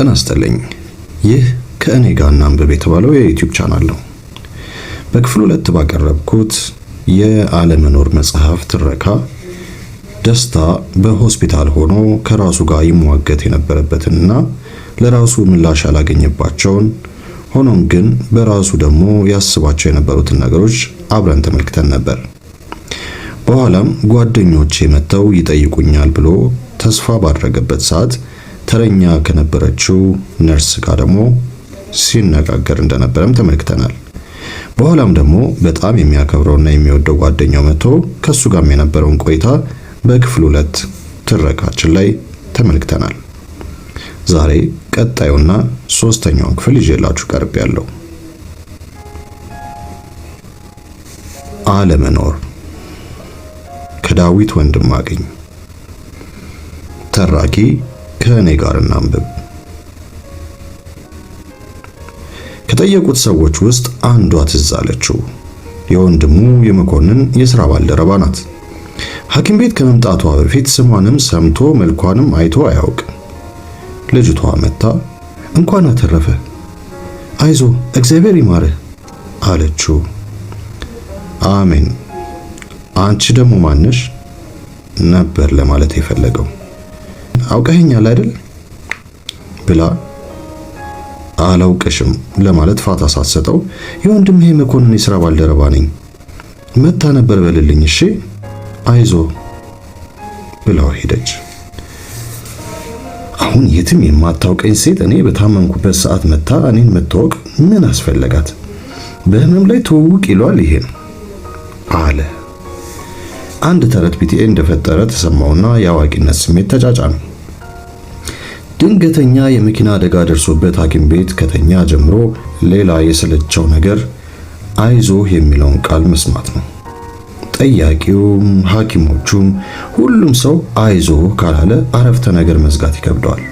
ጤና ይስጥልኝ። ይህ ከእኔ ጋር እናንብብ የተባለው የዩቲዩብ ቻናል ነው። በክፍል ሁለት ባቀረብኩት የአለመኖር መጽሐፍ ትረካ ደስታ በሆስፒታል ሆኖ ከራሱ ጋር ይሟገት የነበረበትንና ለራሱ ምላሽ ያላገኘባቸውን ሆኖም ግን በራሱ ደግሞ ያስባቸው የነበሩትን ነገሮች አብረን ተመልክተን ነበር። በኋላም ጓደኞቼ መጥተው ይጠይቁኛል ብሎ ተስፋ ባደረገበት ሰዓት ተረኛ ከነበረችው ነርስ ጋር ደግሞ ሲነጋገር እንደነበረም ተመልክተናል። በኋላም ደግሞ በጣም የሚያከብረውና የሚወደው ጓደኛው መጥቶ ከሱ ጋርም የነበረውን ቆይታ በክፍል ሁለት ትረካችን ላይ ተመልክተናል። ዛሬ ቀጣዩና ሶስተኛውን ክፍል ይዤላችሁ ቀርብ ያለው አለመኖር ከዳዊት ወንድም አገኝ ተራኪ ከእኔ ጋር እናንብብ። ከጠየቁት ሰዎች ውስጥ አንዷ ትዝ አለችው። የወንድሙ የመኮንን የሥራ ባልደረባ ናት። ሐኪም ቤት ከመምጣቷ በፊት ስሟንም ሰምቶ መልኳንም አይቶ አያውቅ። ልጅቷ መታ እንኳን አተረፈ፣ አይዞ እግዚአብሔር ይማርህ አለችው። አሜን። አንቺ ደግሞ ማነሽ ነበር ለማለት የፈለገው። አውቀኸኛል አይደል ብላ አላውቅሽም ለማለት ፋታ ሳትሰጠው የወንድምህ መኮንን የሥራ ባልደረባ ነኝ መታ ነበር በልልኝ እሺ አይዞ ብላው ሄደች። አሁን የትም የማታውቀኝ ሴት እኔ በታመምኩበት ሰዓት መታ እኔን መታወቅ ምን አስፈለጋት? በህመም ላይ ትውውቅ ይሏል ይሄ አለ። አንድ ተረት ቢጤ እንደፈጠረ ተሰማውና የአዋቂነት ስሜት ተጫጫ ነው። ድንገተኛ የመኪና አደጋ ደርሶበት ሐኪም ቤት ከተኛ ጀምሮ ሌላ የሰለቸው ነገር አይዞህ የሚለውን ቃል መስማት ነው። ጠያቂውም ሐኪሞቹም ሁሉም ሰው አይዞህ ካላለ አረፍተ ነገር መዝጋት ይከብደዋል።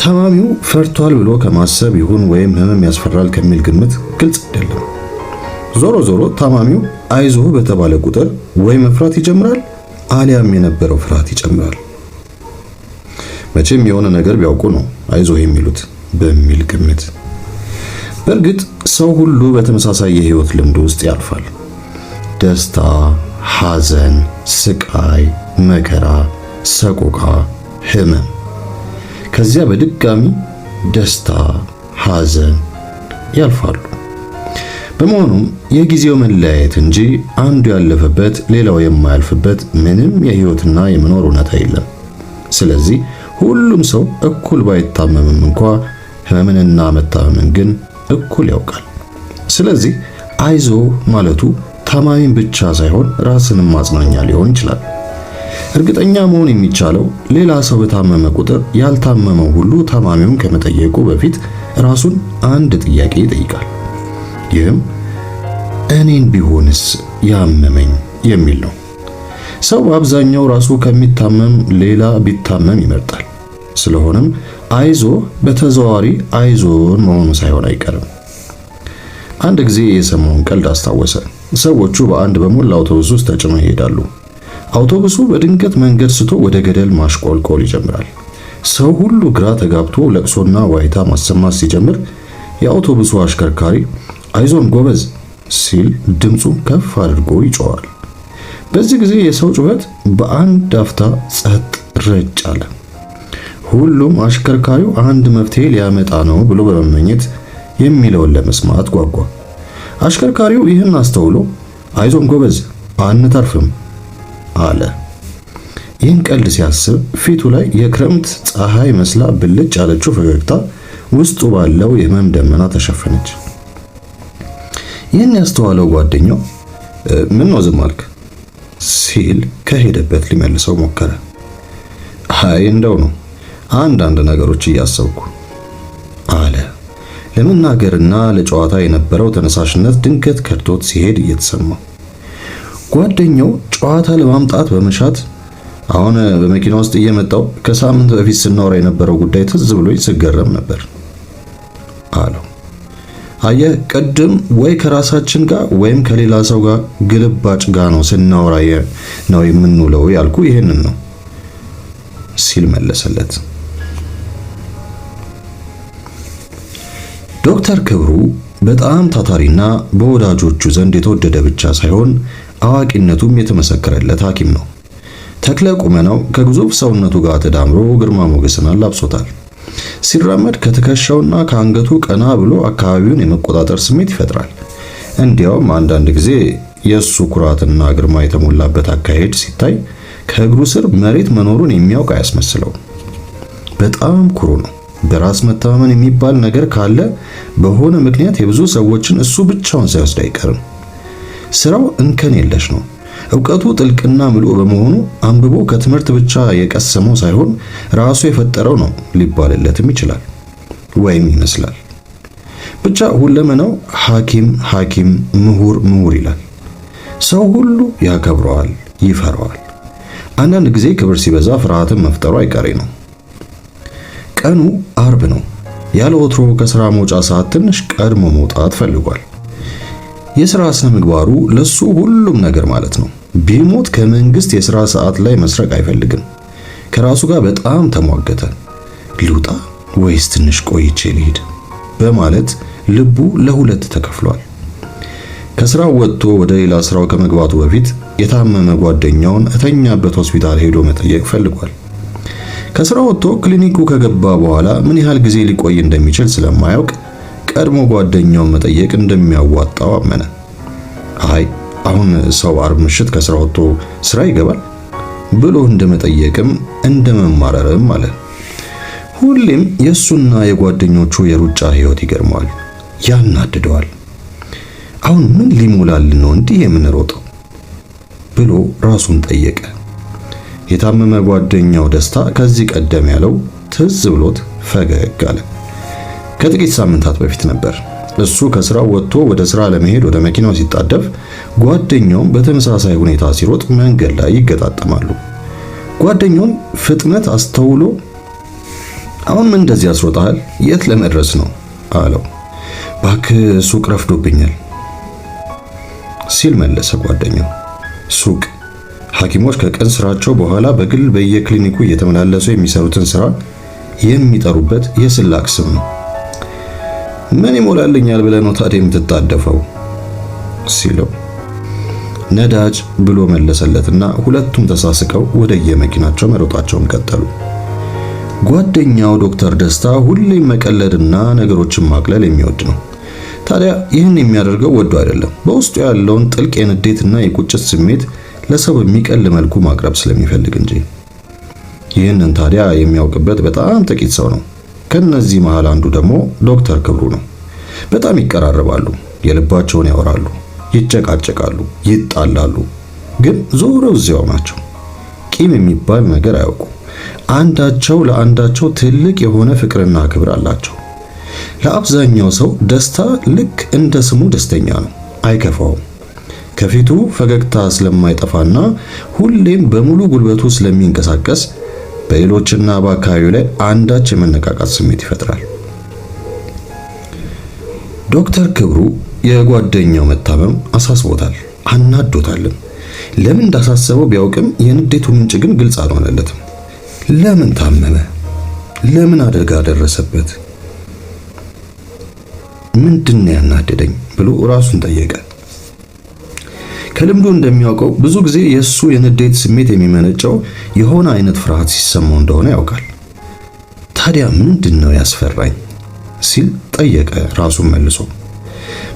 ታማሚው ፈርቷል ብሎ ከማሰብ ይሁን ወይም ህመም ያስፈራል ከሚል ግምት ግልጽ አይደለም። ዞሮ ዞሮ ታማሚው አይዞህ በተባለ ቁጥር ወይ መፍራት ይጀምራል አሊያም የነበረው ፍርሃት ይጨምራል። መቼም የሆነ ነገር ቢያውቁ ነው አይዞ የሚሉት በሚል ግምት። በእርግጥ ሰው ሁሉ በተመሳሳይ የህይወት ልምድ ውስጥ ያልፋል። ደስታ፣ ሐዘን፣ ስቃይ፣ መከራ፣ ሰቆቃ፣ ህመም፣ ከዚያ በድጋሚ ደስታ፣ ሐዘን ያልፋሉ። በመሆኑም የጊዜው መለያየት እንጂ አንዱ ያለፈበት ሌላው የማያልፍበት ምንም የህይወትና የመኖር እውነታ የለም። ስለዚህ ሁሉም ሰው እኩል ባይታመምም እንኳ ህመምንና መታመምን ግን እኩል ያውቃል። ስለዚህ አይዞ ማለቱ ታማሚን ብቻ ሳይሆን ራስንም ማጽናኛ ሊሆን ይችላል። እርግጠኛ መሆን የሚቻለው ሌላ ሰው በታመመ ቁጥር ያልታመመው ሁሉ ታማሚውን ከመጠየቁ በፊት ራሱን አንድ ጥያቄ ይጠይቃል። ይህም እኔን ቢሆንስ ያመመኝ የሚል ነው። ሰው በአብዛኛው ራሱ ከሚታመም ሌላ ቢታመም ይመርጣል። ስለሆነም አይዞ በተዘዋዋሪ አይዞን መሆኑ ሳይሆን አይቀርም። አንድ ጊዜ የሰማውን ቀልድ አስታወሰ። ሰዎቹ በአንድ በሞላ አውቶቡስ ውስጥ ተጭኖ ይሄዳሉ። አውቶቡሱ በድንገት መንገድ ስቶ ወደ ገደል ማሽቆልቆል ይጀምራል። ሰው ሁሉ ግራ ተጋብቶ ለቅሶና ዋይታ ማሰማት ሲጀምር የአውቶቡሱ አሽከርካሪ አይዞን ጎበዝ ሲል ድምፁን ከፍ አድርጎ ይጮዋል። በዚህ ጊዜ የሰው ጩኸት በአንድ አፍታ ጸጥ ረጭ አለ። ሁሉም አሽከርካሪው አንድ መፍትሄ ሊያመጣ ነው ብሎ በመመኘት የሚለውን ለመስማት ጓጓ። አሽከርካሪው ይህን አስተውሎ አይዞም ጎበዝ አንተርፍም አለ። ይህን ቀልድ ሲያስብ ፊቱ ላይ የክረምት ፀሐይ መስላ ብልጭ ያለችው ፈገግታ ውስጡ ባለው የህመም ደመና ተሸፈነች። ይህን ያስተዋለው ጓደኛው ምን ነው ዝም አልክ ሲል ከሄደበት ሊመልሰው ሞከረ። አይ እንደው ነው አንዳንድ ነገሮች እያሰብኩ አለ። ለመናገርና ለጨዋታ የነበረው ተነሳሽነት ድንገት ከድቶት ሲሄድ እየተሰማው ጓደኛው ጨዋታ ለማምጣት በመሻት አሁን በመኪና ውስጥ እየመጣው ከሳምንት በፊት ስናወራ የነበረው ጉዳይ ትዝ ብሎኝ ስገረም ነበር አለው። አየህ ቅድም ወይ ከራሳችን ጋር ወይም ከሌላ ሰው ጋር ግልባጭ ጋር ነው ስናወራ ነው የምንውለው ያልኩ ይህንን ነው ሲል መለሰለት። ዶክተር ክብሩ በጣም ታታሪና በወዳጆቹ ዘንድ የተወደደ ብቻ ሳይሆን አዋቂነቱም የተመሰከረለት ሐኪም ነው። ተክለ ቁመናው ከግዙፍ ሰውነቱ ጋር ተዳምሮ ግርማ ሞገስን አላብሶታል። ሲራመድ ከትከሻውና ከአንገቱ ቀና ብሎ አካባቢውን የመቆጣጠር ስሜት ይፈጥራል። እንዲያውም አንዳንድ ጊዜ የእሱ ኩራትና ግርማ የተሞላበት አካሄድ ሲታይ ከእግሩ ስር መሬት መኖሩን የሚያውቅ አያስመስለውም። በጣም ኩሩ ነው። በራስ መተማመን የሚባል ነገር ካለ በሆነ ምክንያት የብዙ ሰዎችን እሱ ብቻውን ሳይወስድ አይቀርም። ስራው እንከን የለሽ ነው። እውቀቱ ጥልቅና ምሉ በመሆኑ አንብቦ ከትምህርት ብቻ የቀሰመው ሳይሆን ራሱ የፈጠረው ነው ሊባልለትም ይችላል ወይም ይመስላል። ብቻ ሁለመናው ሐኪም ሐኪም፣ ምሁር ምሁር ይላል። ሰው ሁሉ ያከብረዋል፣ ይፈራዋል። አንዳንድ ጊዜ ክብር ሲበዛ ፍርሃትን መፍጠሩ አይቀሬ ነው። ቀኑ አርብ ነው። ያለ ወትሮ ከስራ መውጫ ሰዓት ትንሽ ቀድሞ መውጣት ፈልጓል። የስራ ስነ ምግባሩ ለሱ ሁሉም ነገር ማለት ነው። ቢሞት ከመንግስት የስራ ሰዓት ላይ መስረቅ አይፈልግም። ከራሱ ጋር በጣም ተሟገተ። ልውጣ ወይስ ትንሽ ቆይቼ ልሂድ በማለት ልቡ ለሁለት ተከፍሏል። ከስራው ወጥቶ ወደ ሌላ ስራው ከመግባቱ በፊት የታመመ ጓደኛውን እተኛበት ሆስፒታል ሄዶ መጠየቅ ፈልጓል። ከስራ ወጥቶ ክሊኒኩ ከገባ በኋላ ምን ያህል ጊዜ ሊቆይ እንደሚችል ስለማያውቅ ቀድሞ ጓደኛውን መጠየቅ እንደሚያዋጣው አመነ። አይ አሁን ሰው አርብ ምሽት ከስራ ወጥቶ ስራ ይገባል ብሎ እንደመጠየቅም እንደመማረርም አለ። ሁሌም የእሱና የጓደኞቹ የሩጫ ህይወት ይገርመዋል፣ ያናድደዋል። አሁን ምን ሊሞላልን ነው እንዲህ የምንሮጠው ብሎ ራሱን ጠየቀ። የታመመ ጓደኛው ደስታ ከዚህ ቀደም ያለው ትዝ ብሎት ፈገግ አለ። ከጥቂት ሳምንታት በፊት ነበር እሱ ከስራው ወጥቶ ወደ ስራ ለመሄድ ወደ መኪናው ሲጣደፍ፣ ጓደኛውም በተመሳሳይ ሁኔታ ሲሮጥ መንገድ ላይ ይገጣጠማሉ። ጓደኛውን ፍጥነት አስተውሎ አሁንም እንደዚህ ያስሮጣል፣ የት ለመድረስ ነው አለው። እባክህ ሱቅ ረፍዶብኛል ሲል መለሰ ጓደኛው። ሱቅ ሐኪሞች ከቀን ስራቸው በኋላ በግል በየክሊኒኩ እየተመላለሱ የሚሰሩትን ስራ የሚጠሩበት የስላቅ ስም ነው። ምን ይሞላልኛል ብለህ ነው ታዲያ የምትጣደፈው? ሲለው ነዳጅ ብሎ መለሰለትና ሁለቱም ተሳስቀው ወደ የመኪናቸው መሮጣቸውን ቀጠሉ። ጓደኛው ዶክተር ደስታ ሁሌም መቀለድና ነገሮችን ማቅለል የሚወድ ነው። ታዲያ ይህን የሚያደርገው ወዶ አይደለም፣ በውስጡ ያለውን ጥልቅ የንዴትና የቁጭት ስሜት ለሰው በሚቀል መልኩ ማቅረብ ስለሚፈልግ እንጂ። ይህንን ታዲያ የሚያውቅበት በጣም ጥቂት ሰው ነው። ከነዚህ መሃል አንዱ ደግሞ ዶክተር ክብሩ ነው። በጣም ይቀራረባሉ፣ የልባቸውን ያወራሉ፣ ይጨቃጨቃሉ፣ ይጣላሉ፣ ግን ዞረው እዚያው ናቸው። ቂም የሚባል ነገር አያውቁ። አንዳቸው ለአንዳቸው ትልቅ የሆነ ፍቅርና ክብር አላቸው። ለአብዛኛው ሰው ደስታ ልክ እንደ ስሙ ደስተኛ ነው፣ አይከፋውም። ከፊቱ ፈገግታ ስለማይጠፋና ሁሌም በሙሉ ጉልበቱ ስለሚንቀሳቀስ በሌሎችና በአካባቢው ላይ አንዳች የመነቃቃት ስሜት ይፈጥራል። ዶክተር ክብሩ የጓደኛው መታመም አሳስቦታል፣ አናዶታልም። ለምን እንዳሳሰበው ቢያውቅም የንዴቱ ምንጭ ግን ግልጽ አልሆነለትም። ለምን ታመመ? ለምን አደጋ ደረሰበት? ምንድን ነው ያናደደኝ ብሎ ራሱን ጠየቀ። ከልምዱ እንደሚያውቀው ብዙ ጊዜ የእሱ የንዴት ስሜት የሚመነጨው የሆነ አይነት ፍርሃት ሲሰማው እንደሆነ ያውቃል። ታዲያ ምንድን ነው ያስፈራኝ ሲል ጠየቀ ራሱን መልሶ።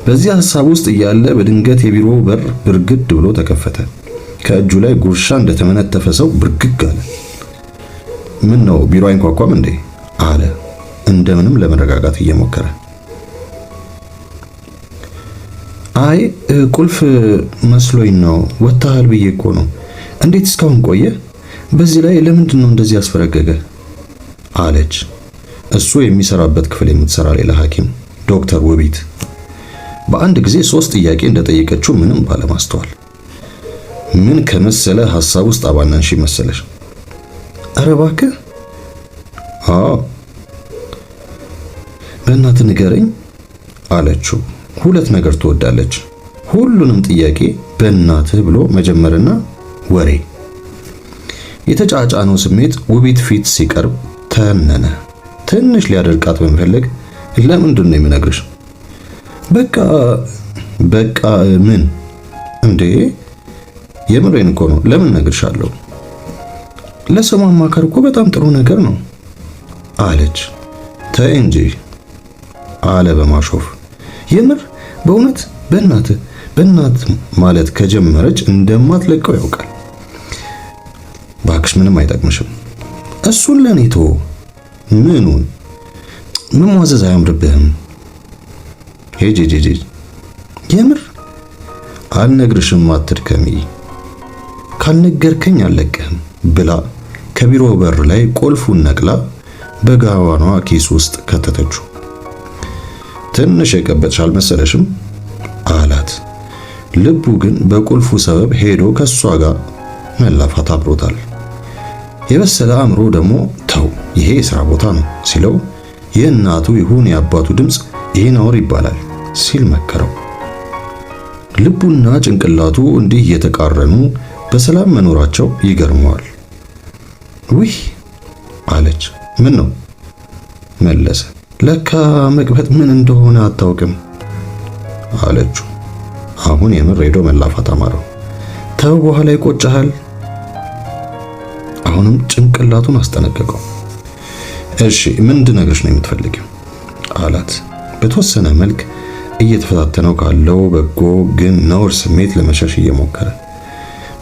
በዚህ ሐሳብ ውስጥ እያለ በድንገት የቢሮ በር ብርግድ ብሎ ተከፈተ። ከእጁ ላይ ጉርሻ እንደተመነተፈ ሰው ብርግግ አለ። ምን ነው ቢሮ አይንኳኳም እንዴ? አለ እንደምንም ለመረጋጋት እየሞከረ አይ ቁልፍ መስሎኝ ነው። ወጥተሃል ብዬ እኮ ነው። እንዴት እስካሁን ቆየ? በዚህ ላይ ለምንድን ነው እንደዚህ ያስፈረገገ? አለች እሱ የሚሰራበት ክፍል የምትሰራ ሌላ ሐኪም ዶክተር ውቢት በአንድ ጊዜ ሶስት ጥያቄ እንደጠየቀችው ምንም ባለማስተዋል ምን ከመሰለ ሐሳብ ውስጥ አባናንሽ መሰለሽ። ኧረ እባክህ አዎ፣ በእናትህ ንገረኝ አለችው። ሁለት ነገር ትወዳለች። ሁሉንም ጥያቄ በእናትህ ብሎ መጀመርና ወሬ። የተጫጫነው ስሜት ውቢት ፊት ሲቀርብ ተነነ። ትንሽ ሊያደርቃት በመፈለግ ለምንድን ነው የሚነግርሽ? በቃ በቃ ምን እንዴ? የምሬን እኮ ነው። ለምን እነግርሻለሁ? ለሰው ማማከር እኮ በጣም ጥሩ ነገር ነው አለች። ተይ እንጂ አለ በማሾፍ የምር በእውነት በእናት በእናት ማለት ከጀመረች እንደማትለቀው ያውቃል። ባክሽ ምንም አይጠቅምሽም። እሱን ለኔቶ ምኑን መሟዘዝ አያምርብህም። ሄጅ ሄጅ የምር አልነግርሽም፣ አትድከሚ፣ ካልነገርከኝ አልለቅህም ብላ ከቢሮ በር ላይ ቁልፉን ነቅላ በጋዋኗ ኪስ ውስጥ ከተተችው። ትንሽ የቀበጥሽ አልመሰለሽም አላት። ልቡ ግን በቁልፉ ሰበብ ሄዶ ከሷ ጋር መላፋት አብሮታል። የበሰለ አእምሮ ደግሞ ተው ይሄ የሥራ ቦታ ነው ሲለው የእናቱ ይሁን የአባቱ ድምፅ ይህ ነውር ይባላል ሲል መከረው። ልቡና ጭንቅላቱ እንዲህ እየተቃረኑ በሰላም መኖራቸው ይገርመዋል። ውህ አለች። ምን ነው መለሰ። ለካ መቅበጥ ምን እንደሆነ አታውቅም አለችው። አሁን የምር ሄዶ መላፋት አማረው። ተው በኋላ ይቆጨሃል። አሁንም ጭንቅላቱን አስጠነቀቀው። እሺ ምን እንድነግርሽ ነው የምትፈልጊው? አላት በተወሰነ መልክ እየተፈታተነው ካለው በጎ ግን ነውር ስሜት ለመሸሽ እየሞከረ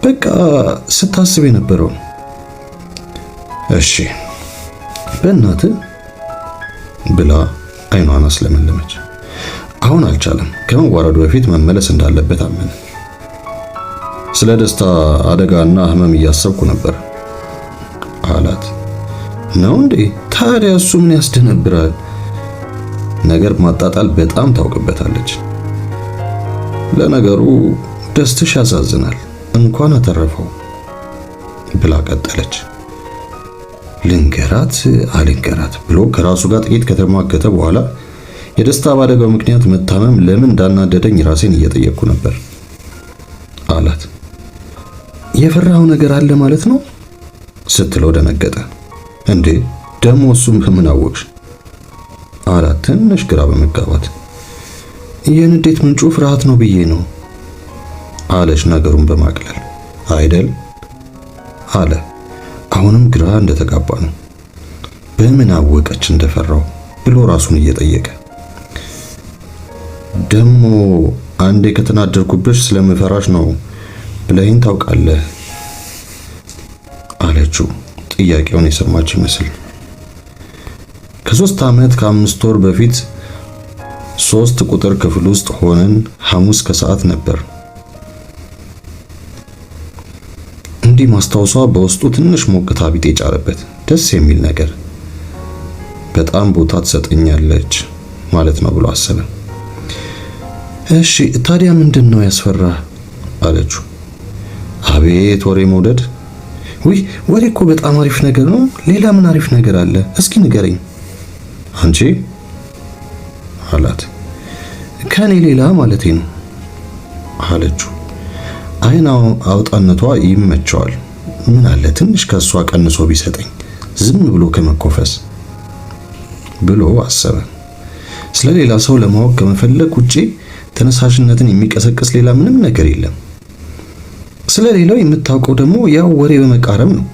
በቃ ስታስብ የነበረው እሺ በእናትህ ብላ አይኗን አስለመለመች። አሁን አልቻለም። ከመዋረዱ በፊት መመለስ እንዳለበት አመነ። ስለ ደስታ አደጋና ህመም እያሰብኩ ነበር አላት። ነው እንዴ? ታዲያ እሱ ምን ያስደነብራል? ነገር ማጣጣል በጣም ታውቅበታለች። ለነገሩ ደስትሽ ያሳዝናል፣ እንኳን አተረፈው ብላ ቀጠለች። ልንገራት አልንገራት ብሎ ከራሱ ጋር ጥቂት ከተሟገተ በኋላ የደስታ ባደጋው ምክንያት መታመም ለምን እንዳናደደኝ ራሴን እየጠየቅኩ ነበር አላት። የፈራኸው ነገር አለ ማለት ነው ስትለው ደነገጠ። እንዴ ደሞ እሱም ምን አወቅሽ አላት ትንሽ ግራ በመጋባት የንዴት ምንጩ ፍርሃት ነው ብዬ ነው አለች ነገሩን በማቅለል አይደል አለ አሁንም ግራ እንደተጋባ ነው። በምን አወቀች እንደፈራው ብሎ ራሱን እየጠየቀ ደግሞ አንዴ ከተናደርኩብሽ ስለምፈራሽ ነው ብለይን ታውቃለህ አለችው። ጥያቄውን የሰማች ይመስል ከሶስት ዓመት ከአምስት ወር በፊት ሶስት ቁጥር ክፍል ውስጥ ሆነን ሐሙስ ከሰዓት ነበር እንዲህ ማስታወሷ በውስጡ ትንሽ ሞቅታ ቢጤ የጫረበት ደስ የሚል ነገር በጣም ቦታ ትሰጠኛለች ማለት ነው ብሎ አሰበ። እሺ ታዲያ ምንድን ነው ያስፈራ? አለችው። አቤት ወሬ መውደድ! ውይ ወሬ እኮ በጣም አሪፍ ነገር ነው። ሌላ ምን አሪፍ ነገር አለ? እስኪ ንገረኝ አንቺ አላት። ከኔ ሌላ ማለቴ ነው አለችው። አይን አውጣነቷ ይመቸዋል። ምን አለ ትንሽ ከእሷ ቀንሶ ቢሰጠኝ ዝም ብሎ ከመኮፈስ ብሎ አሰበ። ስለሌላ ሰው ለማወቅ ከመፈለግ ውጪ ተነሳሽነትን የሚቀሰቅስ ሌላ ምንም ነገር የለም። ስለሌላው የምታውቀው ደግሞ ያው ወሬ በመቃረም ነው።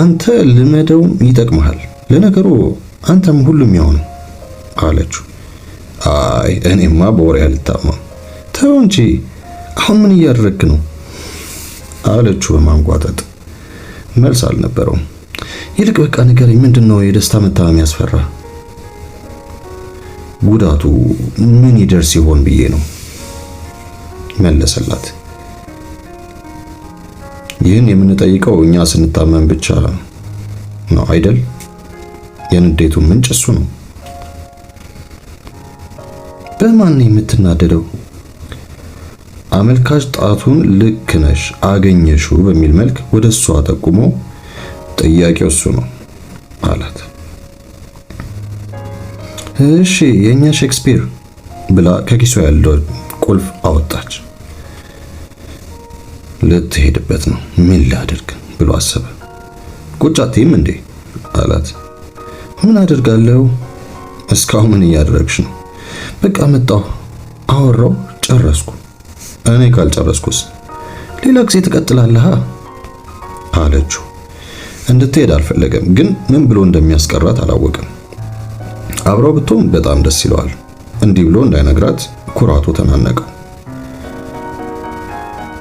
አንተ ልመደውም ይጠቅመሃል። ለነገሩ አንተም ሁሉም ያው ነው አለችው። አይ እኔማ በወሬ አልታማም። ተው እንጂ አሁን ምን እያደረግክ ነው? አለችው በማንቋጠጥ። መልስ አልነበረውም። ይልቅ በቃ ንገረኝ፣ ምንድን ነው የደስታ መታመም ያስፈራ? ጉዳቱ ምን ይደርስ ይሆን ብዬ ነው መለሰላት። ይህን የምንጠይቀው እኛ ስንታመም ብቻ ነው አይደል? የንዴቱ ምንጭ እሱ ነው። በማን ነው የምትናደደው? አመልካች ጣቱን ልክ ነሽ አገኘሹ በሚል መልክ ወደ እሷ ጠቁሞ ጥያቄው እሱ ነው አላት። እሺ የኛ ሼክስፒር ብላ ከኪሷ ያለው ቁልፍ አወጣች። ልትሄድበት ነው። ምን ላድርግ ብሎ አሰበ። ቁጫቴም እንዴ አላት። ምን አድርጋለሁ? እስካሁን ምን እያደረግሽ ነው? በቃ መጣሁ፣ አወራው፣ ጨረስኩ እኔ ካልጨረስኩስ ሌላ ጊዜ ትቀጥላለህ አለችው። እንድትሄድ አልፈለገም፣ ግን ምን ብሎ እንደሚያስቀራት አላወቅም። አብረው ብትሆን በጣም ደስ ይለዋል። እንዲህ ብሎ እንዳይነግራት ኩራቱ ተናነቀው።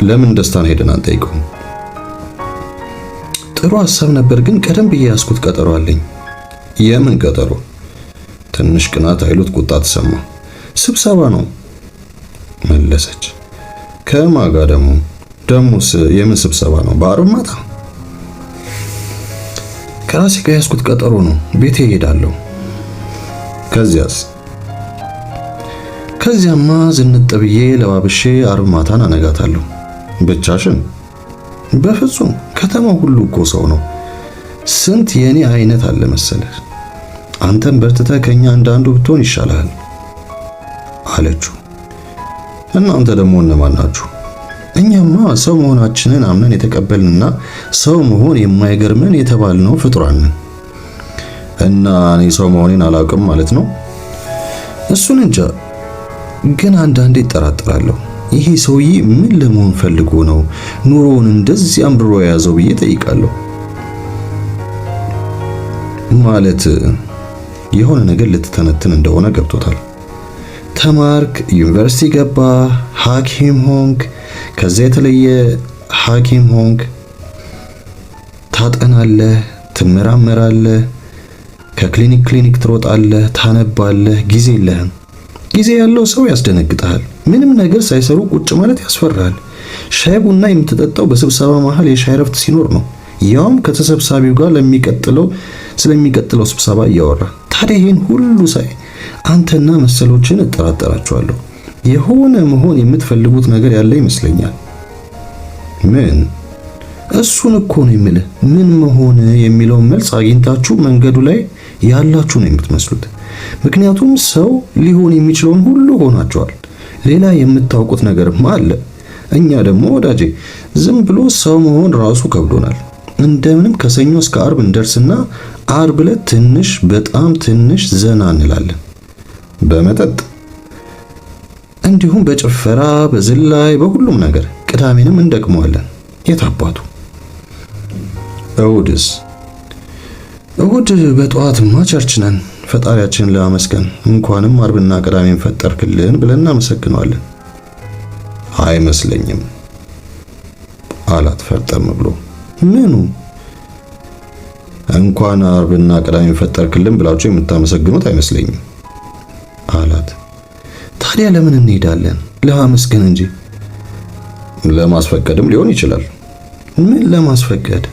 ለምን ደስታን ሄደን አንጠይቀውም? ጥሩ ሀሳብ ነበር፣ ግን ቀደም ብዬ ያስኩት ቀጠሮ አለኝ። የምን ቀጠሮ? ትንሽ ቅናት አይሉት ቁጣ ተሰማ። ስብሰባ ነው መለሰች። ከማጋ ደግሞ ደሞስ የምን ስብሰባ ነው? በአርብ ማታ ከራሴ ከያዝኩት ቀጠሮ ነው። ቤቴ እሄዳለሁ። ከዚያስ? ከዚያማ ዝንጥ ብዬ ለባብሼ አርብ ማታን አነጋታለሁ። ብቻሽን? በፍጹም ከተማው ሁሉ እኮ ሰው ነው። ስንት የኔ አይነት አለ መሰለህ። አንተም በርትተህ ከኛ እንዳንዱ ብትሆን ይሻላል አለችው። እናንተ ደግሞ እነማን ናችሁ? እኛማ ሰው መሆናችንን አምነን የተቀበልንና ሰው መሆን የማይገርመን የተባልነው ፍጡራን ነን። እና እኔ ሰው መሆኔን አላውቅም ማለት ነው? እሱን እንጃ፣ ግን አንዳንዴ እጠራጠራለሁ። ይሄ ሰውዬ ምን ለመሆን ፈልጎ ነው ኑሮውን እንደዚህ አምርሮ የያዘው ብዬ ጠይቃለሁ። ማለት የሆነ ነገር ልትተነትን እንደሆነ ገብቶታል። ተማርክ፣ ዩኒቨርሲቲ ገባ፣ ሐኪም ሆንክ፣ ከዚያ የተለየ ሐኪም ሆንክ፣ ታጠናለህ፣ ትመራመራለህ፣ ከክሊኒክ ክሊኒክ ትሮጣለህ፣ ታነባለህ፣ ጊዜ የለህም። ጊዜ ያለው ሰው ያስደነግጣል ምንም ነገር ሳይሰሩ ቁጭ ማለት ያስፈራል። ሻይ ቡና የምትጠጣው በስብሰባ መሃል የሻይ ረፍት ሲኖር ነው፣ ያውም ከተሰብሳቢው ጋር ለሚቀጥለው ስለሚቀጥለው ስብሰባ እያወራ ታዲያ ይህን ሁሉ ሳይ አንተና መሰሎችን እጠራጠራቸዋለሁ። የሆነ መሆን የምትፈልጉት ነገር ያለ ይመስለኛል። ምን? እሱን እኮ ነው የምልህ። ምን መሆን የሚለውን መልስ አግኝታችሁ መንገዱ ላይ ያላችሁ ነው የምትመስሉት። ምክንያቱም ሰው ሊሆን የሚችለውን ሁሉ ሆናችኋል። ሌላ የምታውቁት ነገርም አለ። እኛ ደግሞ ወዳጄ ዝም ብሎ ሰው መሆን ራሱ ከብዶናል። እንደምንም ከሰኞ እስከ አርብ እንደርስና አርብ ዕለት ትንሽ በጣም ትንሽ ዘና እንላለን። በመጠጥ እንዲሁም በጭፈራ በዝላይ በሁሉም ነገር ቅዳሜንም እንደቅመዋለን። የት አባቱ እሁድስ? እሁድ በጠዋትማ ቸርች ነን። ፈጣሪያችን ለማመስገን እንኳንም አርብና ቅዳሜን ፈጠርክልን ብለን እናመሰግነዋለን። አይመስለኝም አላት ፈርጠም ብሎ። ምኑ እንኳን አርብና ቅዳሜን ፈጠርክልን ብላችሁ የምታመሰግኑት አይመስለኝም። አላት። ታዲያ ለምን እንሄዳለን? ለማመስገን እንጂ። ለማስፈቀድም ሊሆን ይችላል። ምን ለማስፈቀድ?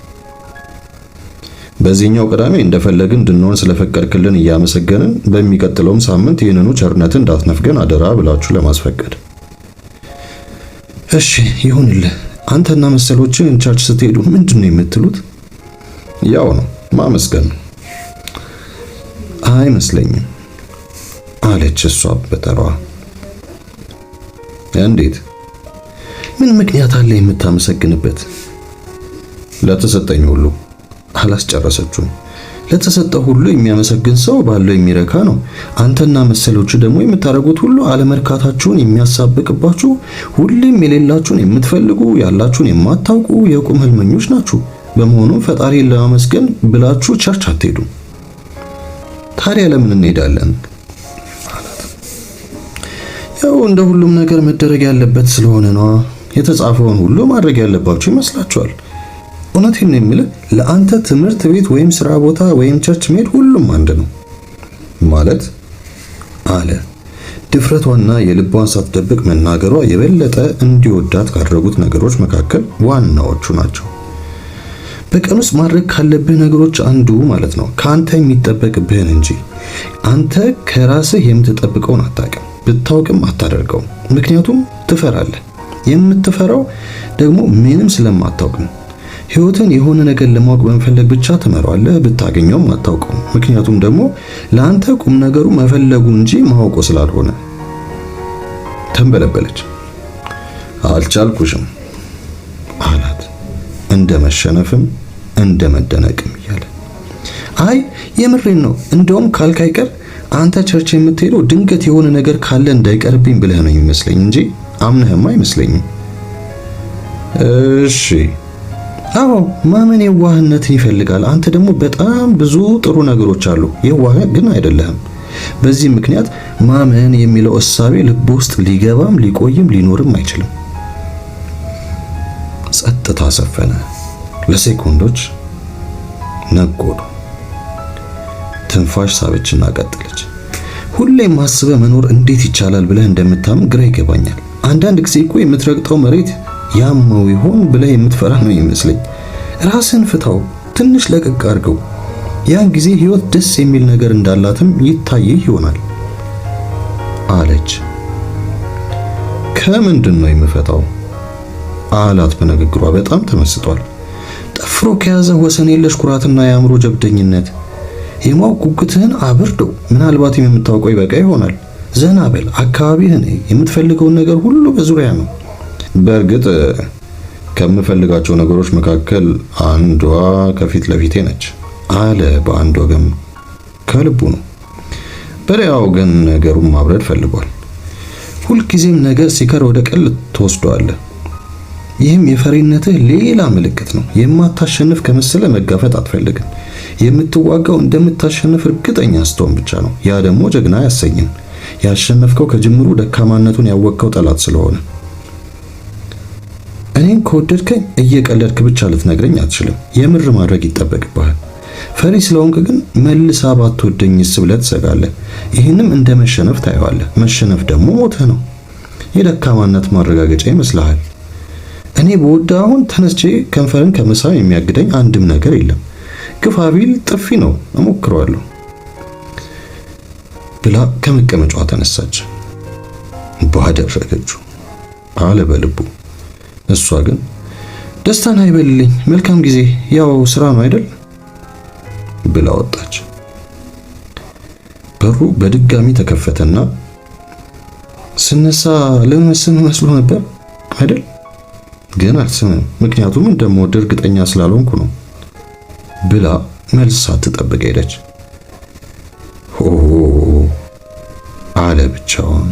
በዚህኛው ቅዳሜ እንደፈለግን እንድንሆን ስለፈቀድክልን እያመሰገንን በሚቀጥለውም ሳምንት ይህንኑ ቸርነት እንዳትነፍገን አደራ ብላችሁ ለማስፈቀድ። እሺ ይሁንልህ። አንተና መሰሎችን እንቻች ስትሄዱ ምንድን ነው የምትሉት? ያው ነው ማመስገን ነው አይመስለኝም። አለች እሷ በጠሯ። እንዴት? ምን ምክንያት አለ የምታመሰግንበት? ለተሰጠኝ ሁሉ አላስጨረሰችውም። ለተሰጠ ሁሉ የሚያመሰግን ሰው ባለው የሚረካ ነው። አንተና መሰሎቹ ደግሞ የምታደርጉት ሁሉ አለመርካታችሁን የሚያሳብቅባችሁ ሁሌም የሌላችሁን የምትፈልጉ ያላችሁን የማታውቁ የቁም ህልመኞች ናችሁ። በመሆኑም ፈጣሪን ለማመስገን ብላችሁ ቸርች አትሄዱም። ታዲያ ለምን እንሄዳለን? ያው እንደ ሁሉም ነገር መደረግ ያለበት ስለሆነ ነዋ። የተጻፈውን ሁሉ ማድረግ ያለባችሁ ይመስላችኋል። እውነቴን ነው የምልህ፣ ለአንተ ትምህርት ቤት ወይም ስራ ቦታ ወይም ቸርች መሄድ ሁሉም አንድ ነው ማለት አለ። ድፍረቷና የልቧን ሳትደብቅ መናገሯ የበለጠ እንዲወዳት ካደረጉት ነገሮች መካከል ዋናዎቹ ናቸው። በቀን ውስጥ ማድረግ ካለብህ ነገሮች አንዱ ማለት ነው ከአንተ የሚጠበቅብህን እንጂ አንተ ከራስህ የምትጠብቀውን አታውቅም። ብታውቅም አታደርገው። ምክንያቱም ትፈራለህ። የምትፈራው ደግሞ ምንም ስለማታውቅ ነው። ህይወትን የሆነ ነገር ለማወቅ በመፈለግ ብቻ ትመራዋለህ፣ ብታገኘውም አታውቀው። ምክንያቱም ደግሞ ለአንተ ቁም ነገሩ መፈለጉ እንጂ ማወቁ ስላልሆነ። ተንበለበለች። አልቻልኩሽም አላት፣ እንደ መሸነፍም እንደ መደነቅም እያለ አይ የምሬን ነው እንደውም ካልካይቀር አንተ ቸርች የምትሄደው ድንገት የሆነ ነገር ካለ እንዳይቀርብኝ ብለህ ነው የሚመስለኝ እንጂ አምነህማ አይመስለኝም። እሺ፣ አዎ ማመን የዋህነትን ይፈልጋል። አንተ ደግሞ በጣም ብዙ ጥሩ ነገሮች አሉ፣ የዋህ ግን አይደለህም። በዚህ ምክንያት ማመን የሚለው እሳቤ ልብ ውስጥ ሊገባም ሊቆይም ሊኖርም አይችልም። ጸጥታ ሰፈነ። ለሴኮንዶች ነጎዱ። ትንፋሽ ሳበችና ቀጠለች። ሁሌም ማስበ መኖር እንዴት ይቻላል ብለህ እንደምታምን ግራ ይገባኛል። አንዳንድ ጊዜ እኮ የምትረግጠው መሬት ያመው ይሆን ብለህ የምትፈራ ነው ይመስለኝ። ራስን ፍታው፣ ትንሽ ለቅቅ አድርገው። ያን ጊዜ ህይወት ደስ የሚል ነገር እንዳላትም ይታይህ ይሆናል አለች። ከምንድን ነው የምፈታው አላት። በንግግሯ በጣም ተመስጧል። ጠፍሮ ከያዘ ወሰን የለሽ ኩራትና የአእምሮ ጀብደኝነት የማወቅ ጉጉትህን አብርደው። ምናልባትም የምታውቀው ይበቃ ይሆናል። ዘና በል፣ አካባቢህን፣ የምትፈልገውን ነገር ሁሉ በዙሪያ ነው። በእርግጥ ከምፈልጋቸው ነገሮች መካከል አንዷ ከፊት ለፊቴ ነች አለ በአንድ ወገን ከልቡ ነው። በሌላ ወገን ነገሩን ማብረድ ፈልጓል። ሁልጊዜም ነገር ሲከር ወደ ቀል ትወስደዋለህ። ይህም የፈሪነትህ ሌላ ምልክት ነው። የማታሸንፍ ከመሰለ መጋፈጥ አትፈልግም። የምትዋጋው እንደምታሸንፍ እርግጠኛ ስትሆን ብቻ ነው። ያ ደግሞ ጀግና አያሰኝም። ያሸነፍከው ከጅምሩ ደካማነቱን ያወቅከው ጠላት ስለሆነ። እኔን ከወደድከኝ እየቀለድክ ብቻ ልትነግረኝ አትችልም። የምር ማድረግ ይጠበቅብሃል። ፈሪ ስለሆንክ ግን መልሳ ባትወደኝስ ብለህ ትሰጋለህ። ይህንም እንደ መሸነፍ ታየዋለህ። መሸነፍ ደግሞ ሞትህ ነው። የደካማነት ማረጋገጫ ይመስልሃል። እኔ በወደ አሁን ተነስቼ ከንፈርን ከመሳብ የሚያግደኝ አንድም ነገር የለም። ግፋ ቢል ጥፊ ነው፣ እሞክረዋለሁ ብላ ከመቀመጫዋ ተነሳች። ባደረገችው አለ በልቡ። እሷ ግን ደስታን አይበልልኝ፣ መልካም ጊዜ፣ ያው ስራ ነው አይደል ብላ ወጣች። በሩ በድጋሚ ተከፈተና ስነሳ ለምን መስሎ ነበር አይደል ግን አልስምም፣ ምክንያቱም እንደምወድ እርግጠኛ ስላልሆንኩ ነው ብላ መልስ ሳትጠብቅ ሄደች። ሆ አለ ብቻውን።